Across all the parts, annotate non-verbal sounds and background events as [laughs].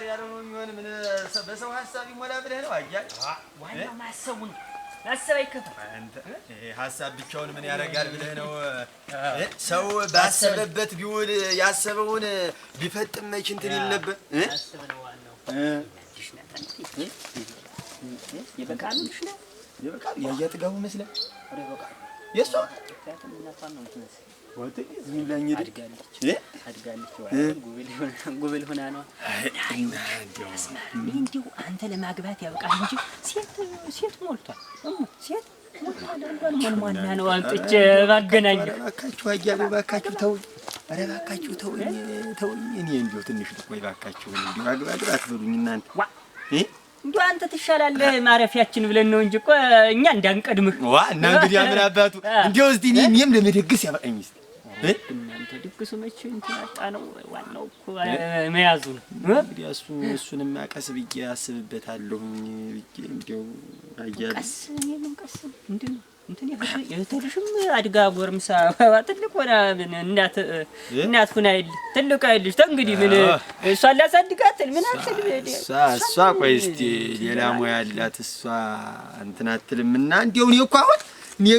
ተግባር ያለው ነው የሚሆን። ምን በሰው ሀሳብ ይሞላ ብለህ ነው? አያ ዋናው ማሰቡ ነው። ማሰብ አይከፋም። ሀሳብ ብቻውን ምን ያደርጋል ብለህ ነው? ሰው ባሰበበት ቢውል ያሰበውን ቢፈጥም መች እንትን ይል ነበር። ይበቃሉ ይበቃሉ። ያያ ጥጋቡ መስለህ የእሷ ጉብል ሆና ነው። እንዲሁ አንተ ለማግባት ያብቃል እንጂ ሴት ሴት ሞልቷል። ሴት ሞልሟላ ነው። አምጥቼ ባገናኘው እባካችሁ፣ አያሌው እባካችሁ ተውኝ፣ ኧረ እባካችሁ ተውኝ፣ ተውኝ። እኔ እንዲሁ ትንሽ ልቆይ እባካችሁ፣ እንዲሁ አግባ አትበሉኝ እናንተ እንዲሁ አንተ ትሻላለህ ማረፊያችን ብለን ነው እንጂ እኮ እኛ እንዳንቀድምህ። ዋ እና እንግዲህ ምን አባቱ እንዲሁ እስቲ እኔም ለመደገስ ያበቃኝ እስቲ እናንተ ድግሱ መቼ እንትን አጣ ነው። ዋናው እኮ መያዙ ነው። እንግዲህ እሱ ቀስ ብዬ አስብበታለሁ ቀስ ነው እንትን አድጋ ጎርምሳ ትልቅ ሆና ምን እናት እናት ሁና ትልቅ አይልሽ እንግዲህ ምን እሷ ምን አትል እሷ ቆይ እስቲ ሌላ ሙያ አላት እሷ እንትን አትልም እና እንዲያው እኔ እኮ አሁን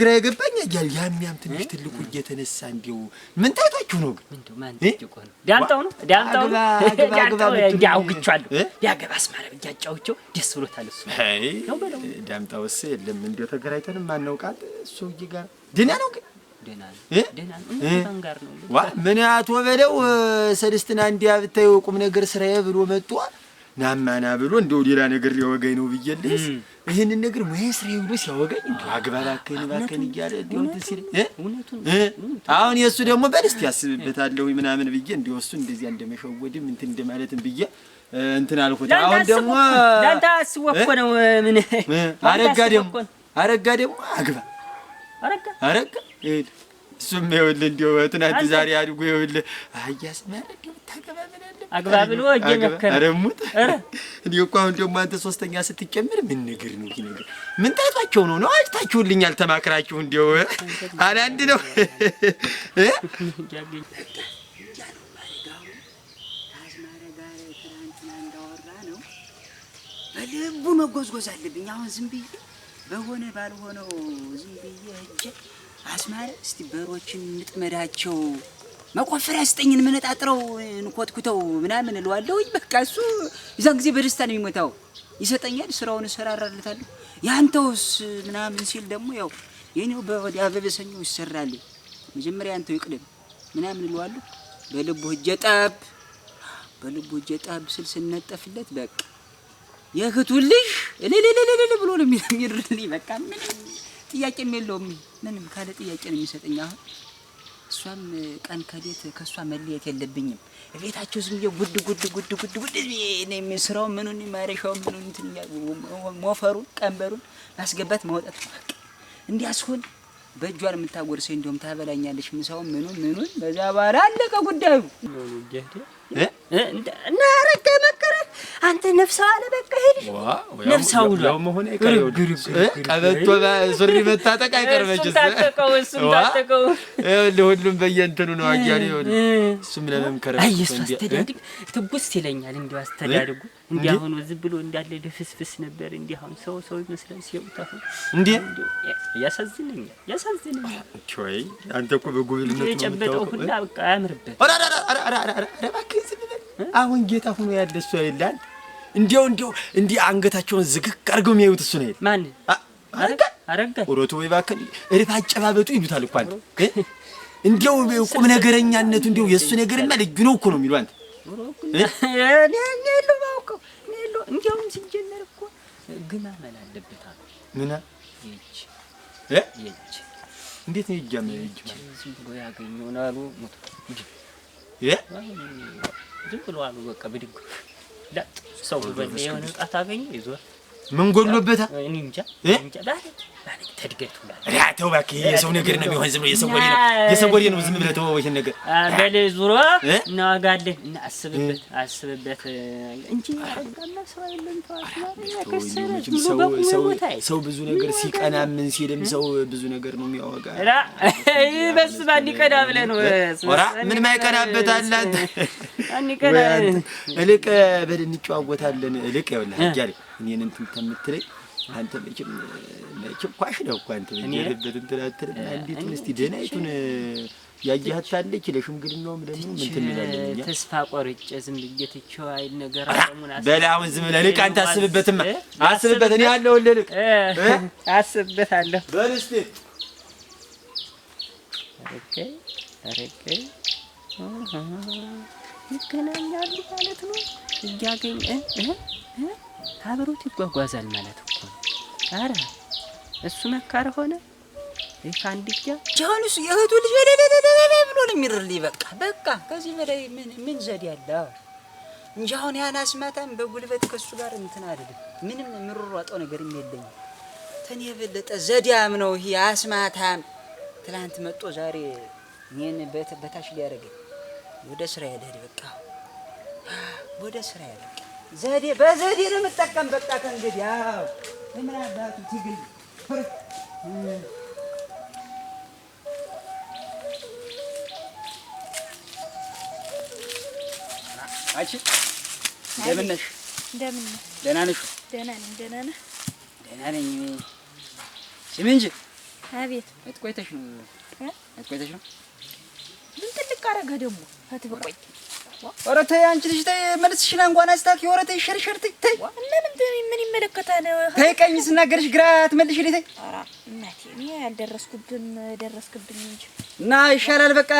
ግራ የገባኝ ያል ያም ያም ትንሽ ትልቁ እየተነሳ እንዲው ምን ታይታችሁ ነው? ግን እንደው ማን ነው? ዳንጣው ነው ነው እያጫውቸው ደስ ብሎታል። እሱ ነው የለም ተገራይተን ማናውቃል። እሱ ደህና ነው ግን ምን አቶ በለው ስድስትና እንዲያ ብታዩ ቁም ነገር ስራዬ ብሎ መጥቷል። ናማና ብሎ እንደው ሌላ ነገር ሊያወጋኝ ነው ብዬልህ ይህንን ነገር ሙያ ስራዬ ብሎ ሲያወጋኝ እንደው አግባ እባክህን እባክህን እያለ እንደው እንትን ሲለኝ አሁን የእሱ ደግሞ በል እስኪ ያስብበታለሁ ምናምን ብዬ እንደው እሱ እንደዚያ እንደመሸወድም እንትን እንደማለትም ብዬ እንትን አልኩት። አሁን ደግሞ ዳንታ አስቦ እኮ ነው ምን አረጋ ደግሞ አረጋ ደግሞ አግባ አረጋ አረጋ እሱም ይኸውልህ እንዲያው ትናንት ዛሬ አድጎ ይኸውልህ አህያስ እኮ አሁን ደግሞ አንተ ሶስተኛ ስትጨምር ምን ነገር ነው? ነገር ምን ታቷቸው ነው ነው? አጭታችሁልኛል። ተማክራችሁ እንዲያው አንድ ነው በልቡ መጎዝጎዝ አለብኝ። አሁን ዝም ብዬ በሆነ ባልሆነው ዝም ብዬ አስማረ እስቲ በሮችን እንጥመዳቸው መቆፈሪያ ስጠኝን መነጣጥረው እንኮትኩተው ምናምን እለዋለሁኝ። በቃ እሱ እዛን ጊዜ በደስታ ነው የሚሞታው። ይሰጠኛል፣ ስራውን እሰራራለታለሁ። ያንተውስ ምናምን ሲል ደግሞ ያው የኔው በወዲ አበበሰኞ ይሰራል። መጀመሪያ ያንተው ይቅደም ምናምን እለዋለሁ። በልቡ እጀ በልቡ እጀ ስል ስነጠፍለት በቃ የእህቱ ልጅ እልልልልል ብሎ ነው የሚድርልኝ። በቃ ምንም ጥያቄም የለውም። ምንም ካለ ጥያቄ ነው የሚሰጠኝ። አሁን እሷም ቀን ከሌት ከእሷ መለየት የለብኝም። ቤታቸው ዝም ብዬ ጉድ ጉድ ጉድ ጉድ ጉድ ስራው ምኑን ማረሻው ምኑን ሞፈሩን ቀንበሩን ማስገባት ማውጣት ማቅ እንዲያስሆን በእጇ ነው የምታጎርሰኝ። እንዲሁም ታበላኛለች ምሳው ምኑን ምኑን። በዛ በኋላ አለቀ ጉዳዩ እና ረጋ መከረ አንተ ነፍሰ አለ በቃ ነው ነፍሰ ውላ ቀበቶ ሱሪ መታጠቅ አይቀርበች ሁሉም በየእንትኑ ነው። አያ እሱም ለመምከር እሱ አስተዳድግ ትጉስ ይለኛል። እንዲሁ አስተዳድጉ እንዲህ አሁን ዝም ብሎ እንዳለ ልፍስፍስ ነበር። እንዲህ አሁን ሰው ሰው ይመስላል ሲያዩት አሁን እንዲህ ያሳዝነኛል፣ ያሳዝነኛል። አንተ እኮ በጉብልነቱ የጨበጠው ሁላ በቃ አያምርበት። እባክህ ዝም ብለህ አሁን ጌታ ሆኖ ያለ እሱ አይላል። እንዲያው እንዲያው እንዲህ አንገታቸውን ዝግክ አድርገው የሚያዩት እሱ ነው። ማን አረጋ አረጋ ወሮቱ ወይ ባከን አጨባበጡ ይሉታል እኮ አንተ እንዲያው ቁም ነገረኛነቱ እንዲያው የእሱ ነገርና ልዩ ነው እኮ ነው የሚሉ አንተ እንዲያውም ሲጀመር እኮ ግማ መላ አለበት አሉ ምና ይች ይች እንዴት ነው ይጃመ ይጅ ዝም ብሎ ያገኘውን አሉ ሙት እ ዝም ብሎ አሉ በቃ ብድግ ሰው በል የሆነ ይዟል። ምን እኔ እንጃ እንጃ ዳሪ ተድገቱ ተው እባክህ፣ የሰው ነገር ነው የሚሆን። ዝም ብሎ የሰው ወሬ ነው፣ የሰው ወሬ ነው። ዝም ብለህ ይሄን ነገር በል ዙሮ አስብበት፣ እንጂ ሰው አይደለም። ሰው ብዙ ነገር ሲቀና ምን ሲልም ሰው ብዙ ነገር ነው የሚያወጋ። ራ ይበስ ብለህ ነው ወራ ምን ማይቀናበት አላንተ እልቅ በል እንጨዋወታለን። እልቅ ይኸውልህ አያሌ እኔን እንትን ከምትለኝ አንተ መቼም መቼም ኳሽ ነው እኮ አንተ የለበት እንትን አትልም። አንዲቱን እስቲ ደህናይቱን ያየሀት ለሽምግልናውም ለምኑ ምን ትንላለች? ተስፋ ቆርጬ ዝም ብዬ ትቼው አይ ነገር አለሙን በል አሁን ዝም ብለህ ልቅ አንተ አስብበትማ አስብበት። እኔ አለሁልህ ልቅ አስብበት በል እስቲ አረገኝ አረገኝ ይገናኛሉ ማለት ነው። እያገኝ አብሮት ይጓጓዛል ማለት እኮ ነው። አረ እሱ መካር ሆነ ፋንድያ ጃኑስ የእህቱ ልጅ ብሎ ነው የሚርልኝ። በቃ በቃ ከዚህ በላይ ምን ምን ዘዴ አለ እንጂ አሁን ያን አስማታም በጉልበት ከሱ ጋር እንትን አይደለም። ምንም የምሯሯጠው ነገርም የለኝም። ተኔ የበለጠ ዘዲያም ነው ይሄ አስማታም። ትላንት መጦ ዛሬ እኔን በታሽ ሊያደርገኝ ወደ ስራ ያደድ በቃ ወደ ስራ ያደድ ዘዴ በዘዴ ነው የምጠቀም። በቃ ከእንግዲህ ያው ምን አባቱ ትግል አንቺ እንደምን ነሽ? እንደምን ነሽ? ደህና ነሽ? ደህና ነኝ። ደህና ነህ? ደህና ነኝ። ስሚ እንጂ። አቤት። የት ነው? የት ነው? ምን ጥልቅ አደረገህ ደግሞ ፈትህ ቆይ ኧረ ተይ አንቺ ልጅ ተይ መልስሽን አንጓን አስታኪ ኧረ ተይ ሸርሸር ተይ ተይ እና ምን ምን ይመለከታል ተይ ቀኝ ስናገርሽ ግራ ትመልሽልኝ ተይ ኧረ እናቴ እኔ ያልደረስኩብን ደረስክብኝ እንጂ እና ይሻላል በቃ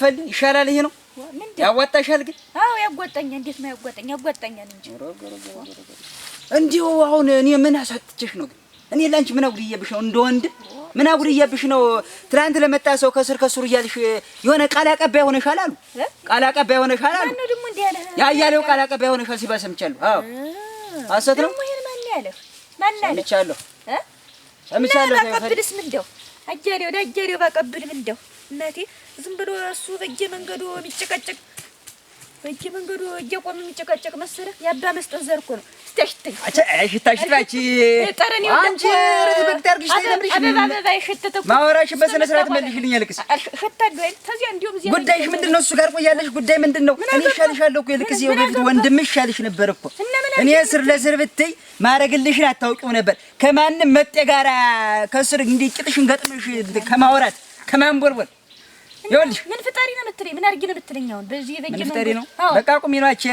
ፈል ይሻላል ይሄ ነው ያዋጣሻል ግን አዎ ያጓጣኛል እንዴት ነው ያጓጣኛል ያጓጣኛል እንጂ እንደው አሁን እኔ ምን አሳጥቼሽ ነው ግን እኔ ላንቺ ምን አጉድዬብሽ ነው? እንደ ወንድ ምን አጉድዬብሽ ነው? ትናንት ለመጣ ሰው ከስር ከስሩ እያልሽ የሆነ ቃል አቀባይ ሆነሻል አሉ። ቃል አቀባይ ሆነሻል አሉ። ያ እያለው ቃል አቀባይ ሆነሻል ሲባል ሰምቻለሁ። አዎ አሰት ነው። ማን ያለህ? ማን ያለህ? ሰምቻለሁ፣ ሰምቻለሁ። ባቀብልስ ምንደው አያሌው ለአያሌው ባቀብል ምንደው እናቴ፣ ዝም ብሎ እሱ በየመንገዱ የሚጨቀጨቅ በየመንገዱ እየቆመ የሚጨቀጨቅ መሰለህ? የአባ መስጠት ዘር እኮ ነው ሽታ ሽተኝ። ሽታ ሽታች ጠረን አንቺ በግት አድርግሽ ማወራሽ በስነ ስርዓት መልሽልኝ። ልቅስ ጉዳይሽ ምንድን ነው? እሱ ጋር ቆያለሽ። ጉዳይ ምንድን ነው? እኔ እሻልሻለሁ እኮ የልቅስ ይኸው ወንድምሽ እሻልሽ ነበር እኮ እኔ ስር ለስር ብትይ ማረግልሽን አታውቂው ነበር። ከማንም መጤ ጋራ ከስር እንዲህ ቂጥሽን ገጥምሽ ከማውራት ከማንቦርቦር ይኸውልሽ ምን ፍጠሪ ነው የምትለኝ? ምን አድርጊ ነው የምትለኝ? አሁን በዚህ በጌ ፍጠሪ ነው? በቃ ቁሚ ነው አቺ እንዴ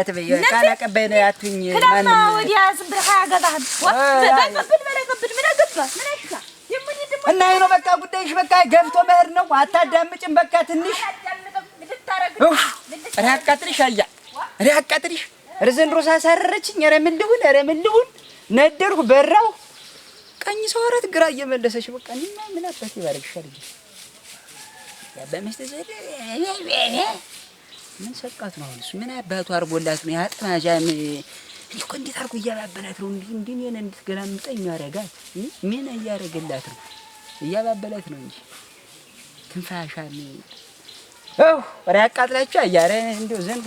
አትበይ። ቃል ነው ያቱኝ ማንም ወዲያ ዝም ብለህ አያገባህም። ወበቀብድ በለቀብድ ምን አገባ ምን አይሻ እና ይሄ ነው በቃ ጉዳይሽ። በቃ ገብቶ መሄድ ነው። አታዳምጭም። በቃ ትንሽ ኧረ አቃጥልሽ አያ ኧረ አቃጥልሽ ኧረ ሳሳረረችኝ። ኧረ ምን ልሁን ኧረ ምን ልሁን ነደርኩ በራው ቀኝ ሰው አራት ግራ እየመለሰች በቃ እኔማ ምን አባት ይባረክሻል ምን ሰቃት ነው? እሱ ምን አባቱ አርጎላት ነው? ያጥማጃም እኮ እንዴት አርጎ እያባበላት ነው? እንዲህ እንዲህ እኔን እንድትገላምጠኝ ያረጋት ምን እያደረገላት ነው? እያባበላት ነው እንጂ ትንፋሻም ው ራያቃጥላቸው አያረ እንዲሁ ዘንድ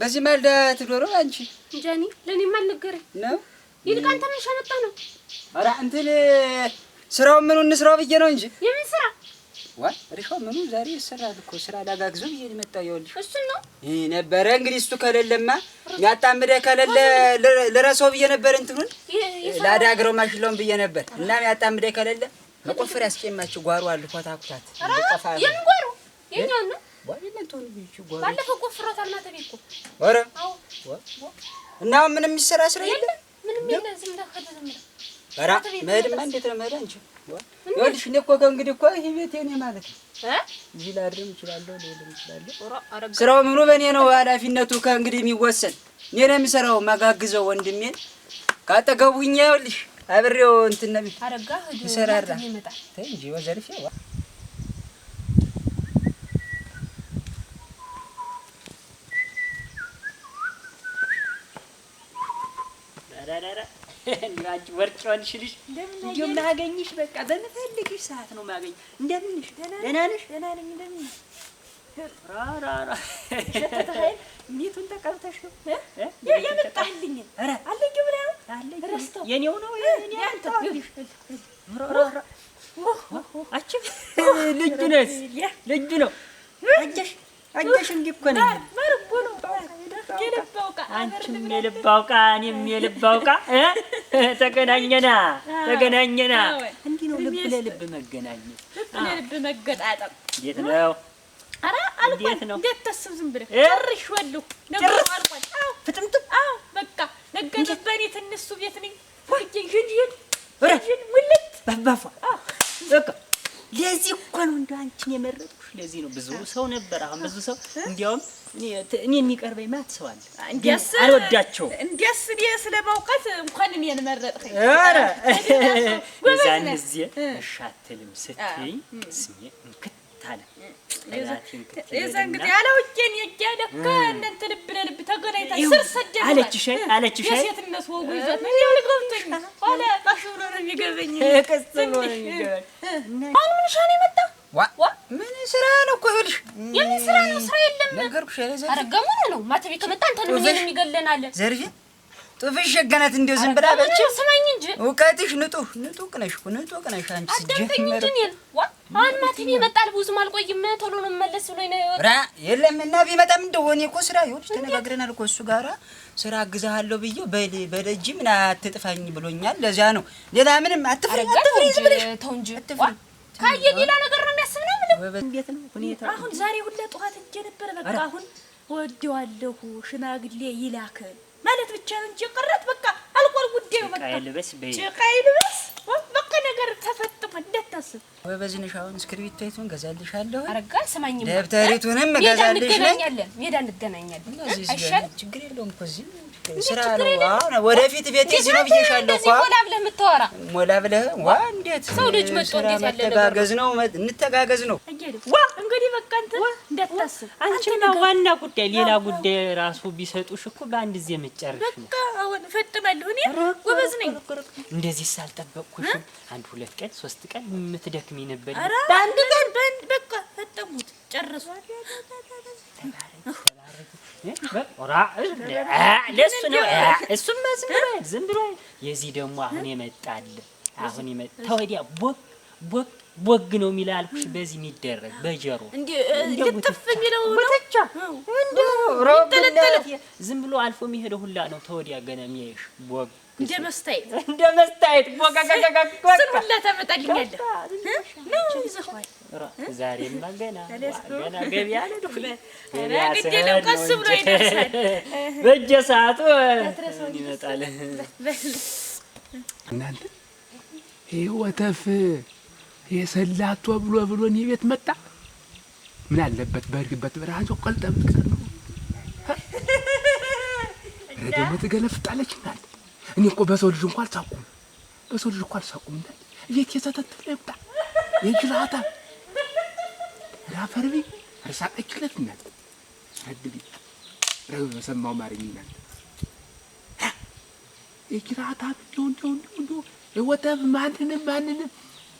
በዚህ ማልዳ ትዶሮ አንቺ እንጃኒ ለእኔም አልነገረኝ ነው። ይልቅ አንተ መቼ ነው? ኧረ እንትን ስራውን ምኑ እንስራው ብዬ ነው እንጂ የምን ስራ ዋ እርሻው ምኑ ዛሬ ይሰራል እኮ ስራ ላጋግዞ ብዬ ነው የመጣሁ። ይኸውልሽ ነው ይህ ነበረ እንግዲህ እሱ ከሌለማ የሚያጣምደ ከሌለ ልረሳው ብዬ ነበር። እንትኑን ላዳግረው ማሽላውን ብዬ ነበር እና የሚያጣምደ ከሌለ መቆፈር ያስጨማችሁ ጓሮ አሉ ኮታኩታት የምን ጓሮ የኛውን ነው ባለፈው ቆፍሮታል ማታ እኮ። ኧረ እና ምንም የሚሰራ ስራ የለም። ምንም የለም። ዝም ብለህ ከእዛ ዝም ብለህ ኧረ መሄድማ እንዴት ነው መሄድ? አንቺ ይኸውልሽ፣ እኔ እኮ ከእንግዲህ እኮ ይሄ ቤት የእኔ ማለት ነው። እዚህ ላድርም እችላለሁ፣ ልውልም እችላለሁ። ስራው ምኑ በእኔ ነው ኃላፊነቱ ከእንግዲህ የሚወሰን እኔ ነው የሚሰራው። ወንድሜን ካጠገቡኝ ይኸውልሽ፣ አብሬው እንትን ነው የሚሰራራ እንጂ ወዘርፌ አንቺ ወርቅ የሆንሽ ልጅ እንደው ማገኝሽ በቃ በምፈልግሽ ሰዓት ነው ማገኝ። እንደምንሽ ደህና ነሽ? ደህና ነኝ። እንደምን ራራራ ሚቱን ተቀብተሽ ነው የመጣልኝ? ኧረ አለኝ አለኝ። ረስተው የኔው ነው የኔ አንተ ራራራ አቺ ልጁ ነስ ልጁ ነው አጀሽ አጀሽ እንዲህ እኮ ነው ማርቆ ነው የልብ አውቃ አንቺም የልብ አውቃ እኔም የልብ አውቃ [laughs] ተገናኘና ተገናኘና። እንዲህ ነው ልብ ለልብ መገናኘት፣ ልብ ለልብ መገጣጠም። እንዴት ነው? ኧረ አልኳት። እንዴት ተስብ ዝም ብለህ ጨርሼዋለሁ። ነገሩ አልኳት። አዎ ፍጥምጥም። አዎ በቃ ነገጠበኔ ትንሱ ቤት ነኝ ይሄን ይሄን ይሄን ሙልት በባፏ። በቃ ለዚህ እኮ ነው እንደው አንቺን የመረጥኩት ለዚህ ነው ብዙ ሰው ነበር። አሁን ብዙ ሰው እንዲያውም እኔ የሚቀርበኝ ማት ሰው አለ እንዲያስ አልወዳቸው እንዲያስ እኔ ስለማውቀት እንኳን እኔን መረጥከኝ። አረ የዛን ጊዜ እሻትልም አትልም ስትይኝ ስሜ እንክታለ አለ። የዛ እንግዲህ አላውቄን የእያለ እናንተ ልብ ለልብ ተገናኝታ ስር ሰደድ አለች አለችሻይ የሴትነት ወጉ ይዟት ነው ያው ልገብቶኝ ኋላ ባሽ ብሎ ነው የሚገበኝ ቅጽ ብሎ ነው የሚገበኝ አሁን ምንሻ ነው የመጣው ምን ስራ ነው እኮ ይኸውልሽ፣ የምን ስራ ነው? ስራ የለም ነገርኩሽ። ኧረ ገሙነ ነው ማታ ቤት ከመጣ አንተን ምን የሚገለናል? ዘርሽ ጡፍሽ ሸገናት እንደው ዝም ብላ በች። ስማኝ እንጂ እውቀትሽ ንጡህ ንጡቅ ነሽ እኮ ንጡቅ ነሽ አንቺ። አዳምጠኝ እንጂ እኔን። አሁን ማታ ቤት ይመጣል፣ ብዙም አልቆይም፣ ቶሎ ነው የምመለስ ብሎኝ ነው የወጣ። የለም እና ቢመጣም እንደው እኔ እኮ ስራ ይኸውልሽ፣ ተነጋግረናል እኮ እሱ ጋራ ስራ አግዛሃለሁ ብዬ በደጅ ምን አትጥፋኝ ብሎኛል። ለዚያ ነው ሌላ ምንም አትፍሪ፣ አትፍሪ፣ ዝም ብለሽ ተው እንጂ አትፍሪ ካየ ሌላ ነገር ነው የሚያስብለው። ምንም እንዴት ነው ሁኔታ? አሁን ዛሬ ሁላ ጠዋት እንጂ ነበር በቃ አሁን ወደዋለሁ ሽማግሌ ይላክ ማለት ብቻ ነው እንጂ ቅረት በቃ አልቆል ጉዳዩ በቃ ጭቃ ይልበስ አታስብ። በበዝንሽ አሁን እስክሪብቶቱን እገዛልሻለሁ፣ ደብተሪቱንም እገዛልሻለሁ። ሜዳ እንገናኛለን። ችግር የለውም እኮ እዚህ ስራ ነው። ወደፊት ቤት እዚህ ብዬሻለሁ እኮ ሞላ ብለህ የምታወራ ሞላ ብለህ ዋ፣ እንዴት ሰው ልጅ መጥቶ እንዴት ያለ ነው። እንተጋገዝ ነው እንትን እንዳታስብ አንቺማ ዋና ጉዳይ ሌላ ጉዳይ ራሱ ቢሰጡሽ እኮ በአንድ ጊዜ መጨረሽ ነው። አሁን ፈጥማለሁ እኔ ጎበዝ ነኝ። እንደዚህ ሳልጠበቅኩሽ አንድ ሁለት ቀን ሶስት ቀን የምትደክሚ ነበር። በአንድ ቀን በቃ ፈጠሙት ጨርሱ። ለእሱ ነው እሱም ዝምብሎ ዝምብሎ የዚህ ደግሞ አሁን ይመጣል አሁን ይመጣ ተወዲያ ቦክ ቦክ ቦግ ነው የሚል አልኩሽ። በዚህ የሚደረግ በጀሮ ልጥፍ የሚለው ዝም ብሎ አልፎ የሚሄደው ሁላ ነው። ተወዲያ ገና የሚያይሽ ቦግ እንደ መስታየት እንደ መስታየት ቦጋ ዛሬማ ገና ገቢያ ቀስ ብሎ ይደርሳል። [laughs] በእጀ ሰዓቱ ይመጣል እናንተ ይህ ወተፍ የሰላቶ ብሎ ብሎ እኔ ቤት መጣ። ምን አለበት በእርግበት በራጆ ቆልጠብ ትቀርቡ ደግሞ ትገለፍጣለች ናል። እኔ እኮ በሰው ልጅ እንኳ አልሳቁም፣ በሰው ልጅ እንኳ አልሳቁም ናል። ቤት የሰተትለ ይብጣ የጅራታ ራፈርቢ እርሳቀችለት ናል። ረግቢ ረግብ በሰማው ማርኝ ናል የጅራታ እንዲሁ እንዲሁ እንዲሁ እንዲሁ ወተብ ማንንም ማንንም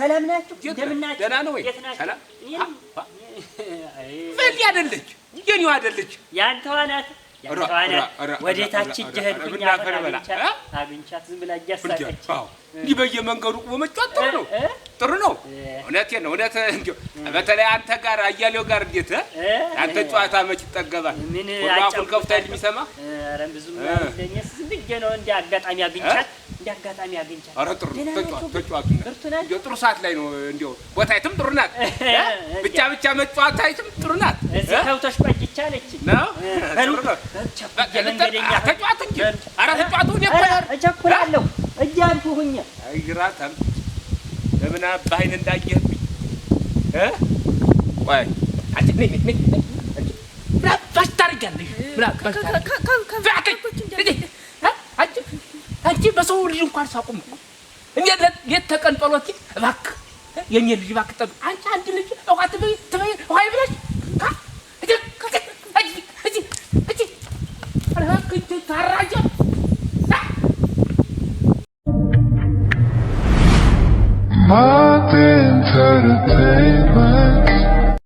ሰላም ናችሁ? እንደምን ናችሁ? ደህና ነው ወይ? ሰላም ፈል ያደለች የኔው አደለች ያንተዋ ናት። ወደ አግኝቻት ዝም ብላ እያሳቀች እንዲህ በየመንገዱ ቁመመጫት ጥሩ ነው ጥሩ ነው። እውነቴን ነው እውነት በተለይ አንተ ጋር አያሌው ጋር እንዴት አንተ ጨዋታ መች ይጠገባል? ምን አፉን ከፍታ የሚሰማ ብዙም ለኔስ ዝም ብዬ ነው እንደ አጋጣሚ አግኝቻት እንዳጋጣሚ አግኝቻት። ኧረ ጥሩ ተጫዋቱ ጥሩ ሰዓት ላይ ነው። እንዲያው ቦታይቱም ጥሩ ናት፣ [laughs] ብቻ ብቻ መጫዋታይቱም ጥሩ ናት። እዚህ ከብቶች ቆጭቼ ተጫዋት እንጂ ኧረ ተጫዋቱ እቸኩላለሁ እያልኩ ሁኜ አይራታም። ለምን አባይን እንዳየህብኝ ቆይ ምን አባሽ ታደርጊያለሽ? ምን አባሽ ታደርጊያለሽ? እጅ በሰው ልጅ እንኳን ሳቁም እኮ እንዴ ለየት ተቀንጠሎት እባክህ የኔ ልጅ እባክህ ጠብ አንቺ አንድ ልጅ ውሃ ትበይ ትበይ ውሃ ይብላሽ ታራጀ Entertainment